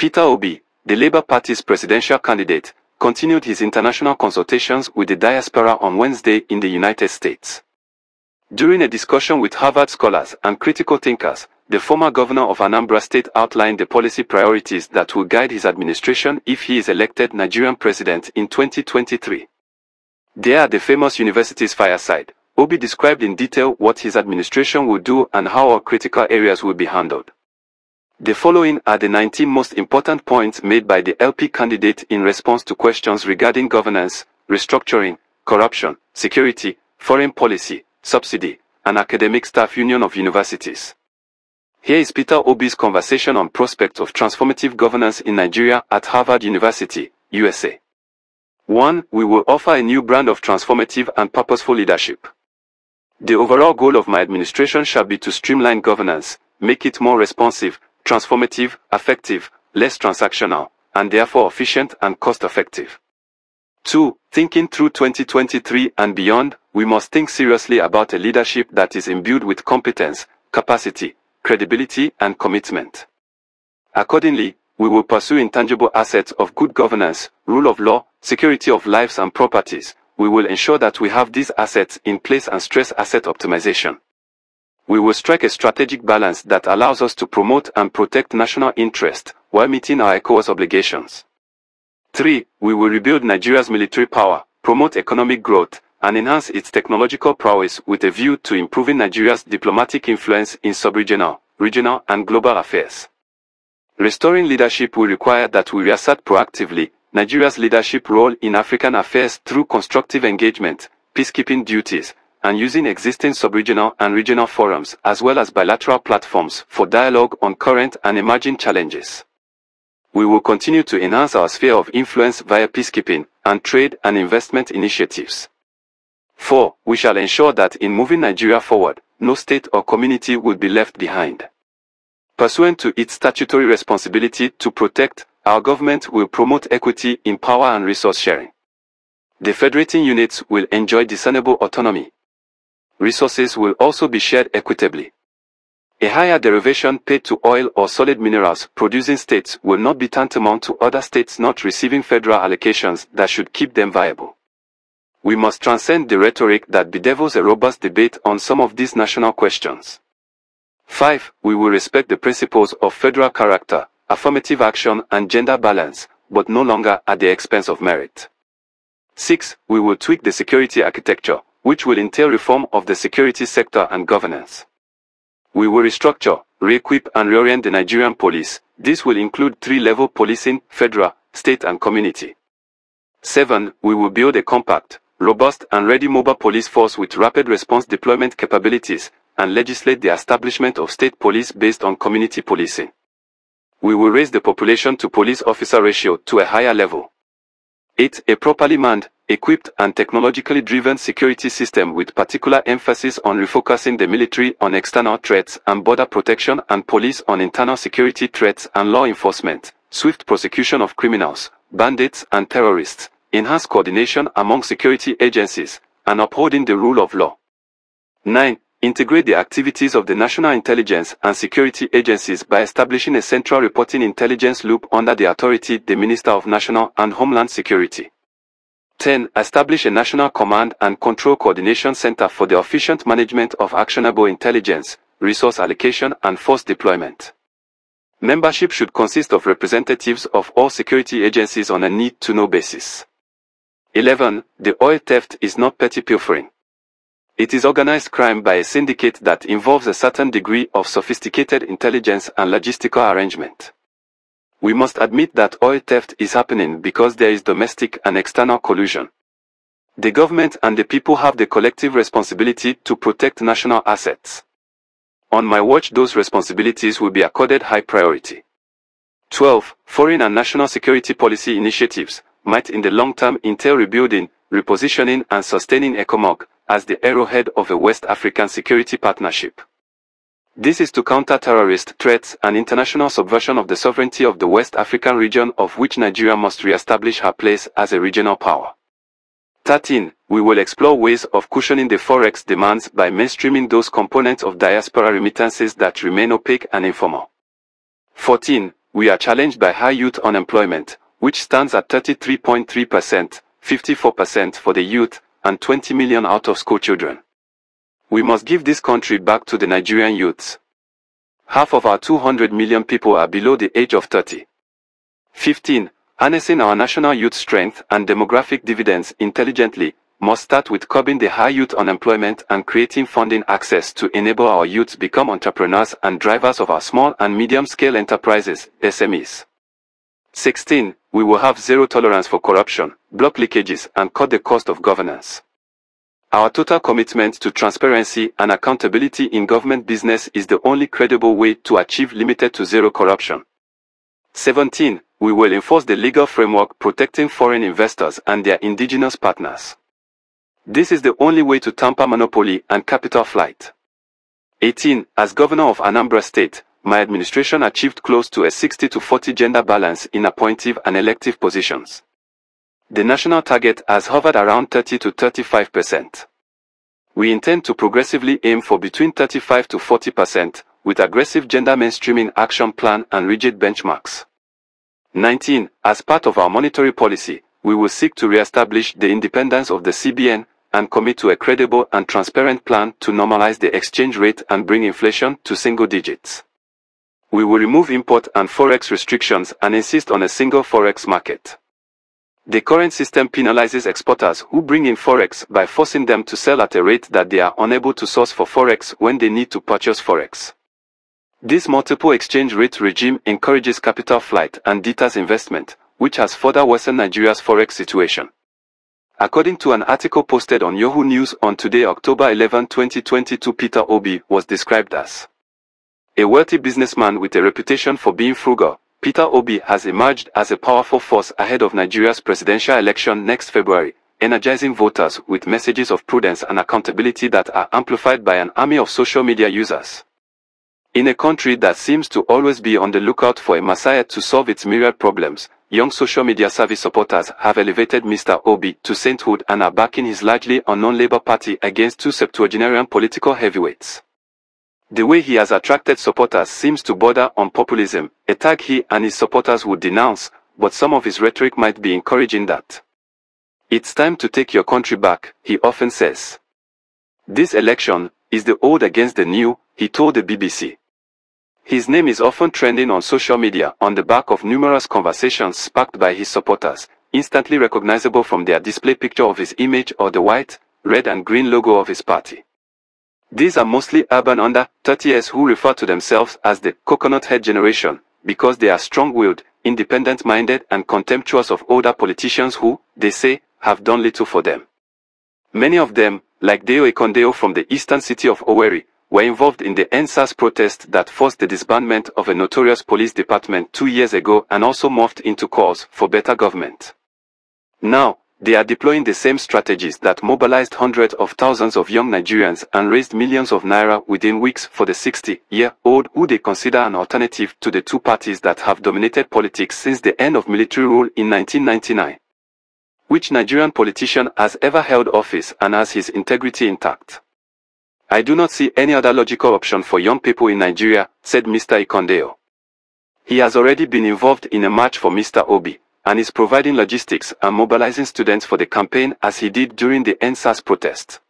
Peter Obi, the Labour Party's presidential candidate, continued his international consultations with the diaspora on Wednesday in the United States. During a discussion with Harvard scholars and critical thinkers, the former governor of Anambra State outlined the policy priorities that will guide his administration if he is elected Nigerian president in 2023. There at the famous university's fireside, Obi described in detail what his administration will do and how our critical areas will be handled. The following are the 19 most important points made by the LP candidate in response to questions regarding governance, restructuring, corruption, security, foreign policy, subsidy, and academic staff union of universities. Here is Peter Obi's conversation on prospects of transformative governance in Nigeria at Harvard University, USA. 1. We will offer a new brand of transformative and purposeful leadership. The overall goal of my administration shall be to streamline governance, make it more responsive, transformative, effective, less transactional, and therefore efficient and cost-effective. 2. Thinking through 2023 and beyond, we must think seriously about a leadership that is imbued with competence, capacity, credibility, and commitment. Accordingly, we will pursue intangible assets of good governance, rule of law, security of lives and properties. We will ensure that we have these assets in place and stress asset optimization we will strike a strategic balance that allows us to promote and protect national interest while meeting our ECOWAS obligations. 3. We will rebuild Nigeria's military power, promote economic growth, and enhance its technological prowess with a view to improving Nigeria's diplomatic influence in sub-regional, regional, and global affairs. Restoring leadership will require that we reassert proactively Nigeria's leadership role in African affairs through constructive engagement, peacekeeping duties, and using existing subregional and regional forums as well as bilateral platforms for dialogue on current and emerging challenges. We will continue to enhance our sphere of influence via peacekeeping and trade and investment initiatives. 4. We shall ensure that in moving Nigeria forward, no state or community will be left behind. Pursuant to its statutory responsibility to protect, our government will promote equity in power and resource sharing. The federating units will enjoy discernible autonomy resources will also be shared equitably. A higher derivation paid to oil or solid minerals producing states will not be tantamount to other states not receiving federal allocations that should keep them viable. We must transcend the rhetoric that bedevils a robust debate on some of these national questions. 5. We will respect the principles of federal character, affirmative action and gender balance, but no longer at the expense of merit. 6. We will tweak the security architecture, which will entail reform of the security sector and governance. We will restructure, re-equip and reorient the Nigerian police. This will include three-level policing, federal, state and community. 7. We will build a compact, robust and ready mobile police force with rapid response deployment capabilities and legislate the establishment of state police based on community policing. We will raise the population to police officer ratio to a higher level. It's A properly manned, equipped and technologically driven security system with particular emphasis on refocusing the military on external threats and border protection and police on internal security threats and law enforcement, swift prosecution of criminals, bandits and terrorists, enhanced coordination among security agencies, and upholding the rule of law. 9 integrate the activities of the national intelligence and security agencies by establishing a central reporting intelligence loop under the authority the Minister of National and Homeland Security. 10. Establish a national command and control coordination center for the efficient management of actionable intelligence, resource allocation and force deployment. Membership should consist of representatives of all security agencies on a need-to-know basis. 11. The oil theft is not petty pilfering. It is organized crime by a syndicate that involves a certain degree of sophisticated intelligence and logistical arrangement. We must admit that oil theft is happening because there is domestic and external collusion. The government and the people have the collective responsibility to protect national assets. On my watch those responsibilities will be accorded high priority. 12. Foreign and national security policy initiatives might in the long term entail rebuilding repositioning and sustaining ECOMOG as the arrowhead of a West African security partnership. This is to counter terrorist threats and international subversion of the sovereignty of the West African region of which Nigeria must re-establish her place as a regional power. 13. We will explore ways of cushioning the forex demands by mainstreaming those components of diaspora remittances that remain opaque and informal. 14. We are challenged by high youth unemployment, which stands at 33.3%, 54% for the youth, and 20 million out-of-school children. We must give this country back to the Nigerian youths. Half of our 200 million people are below the age of 30. 15. Harnessing our national youth strength and demographic dividends intelligently must start with curbing the high youth unemployment and creating funding access to enable our youth become entrepreneurs and drivers of our small and medium-scale enterprises, SMEs. 16. We will have zero tolerance for corruption, block leakages, and cut the cost of governance. Our total commitment to transparency and accountability in government business is the only credible way to achieve limited to zero corruption. 17. We will enforce the legal framework protecting foreign investors and their indigenous partners. This is the only way to tamper monopoly and capital flight. 18. As governor of Anambra State, my administration achieved close to a 60 to 40 gender balance in appointive and elective positions. The national target has hovered around 30 to 35 percent. We intend to progressively aim for between 35 to 40 percent, with aggressive gender mainstreaming action plan and rigid benchmarks. 19. As part of our monetary policy, we will seek to re-establish the independence of the CBN and commit to a credible and transparent plan to normalize the exchange rate and bring inflation to single digits. We will remove import and forex restrictions and insist on a single forex market. The current system penalizes exporters who bring in forex by forcing them to sell at a rate that they are unable to source for forex when they need to purchase forex. This multiple exchange rate regime encourages capital flight and deters investment, which has further worsened Nigeria's forex situation. According to an article posted on Yahoo News on today October 11, 2022, Peter Obi was described as a wealthy businessman with a reputation for being frugal, Peter Obi has emerged as a powerful force ahead of Nigeria's presidential election next February, energizing voters with messages of prudence and accountability that are amplified by an army of social media users. In a country that seems to always be on the lookout for a messiah to solve its myriad problems, young social media service supporters have elevated Mr. Obi to sainthood and are backing his largely unknown Labour Party against two septuagenarian political heavyweights. The way he has attracted supporters seems to border on populism, a tag he and his supporters would denounce, but some of his rhetoric might be encouraging that. It's time to take your country back, he often says. This election is the old against the new, he told the BBC. His name is often trending on social media on the back of numerous conversations sparked by his supporters, instantly recognizable from their display picture of his image or the white, red and green logo of his party. These are mostly urban under 30s who refer to themselves as the coconut head generation because they are strong-willed, independent-minded and contemptuous of older politicians who, they say, have done little for them. Many of them, like Deo Ekondeo from the eastern city of Owerri, were involved in the NSAS protest that forced the disbandment of a notorious police department two years ago and also morphed into calls for better government. Now, they are deploying the same strategies that mobilized hundreds of thousands of young Nigerians and raised millions of naira within weeks for the 60-year-old who they consider an alternative to the two parties that have dominated politics since the end of military rule in 1999. Which Nigerian politician has ever held office and has his integrity intact? I do not see any other logical option for young people in Nigeria, said Mr. Ikondeo. He has already been involved in a match for Mr. Obi, and is providing logistics and mobilizing students for the campaign as he did during the NSAS protest.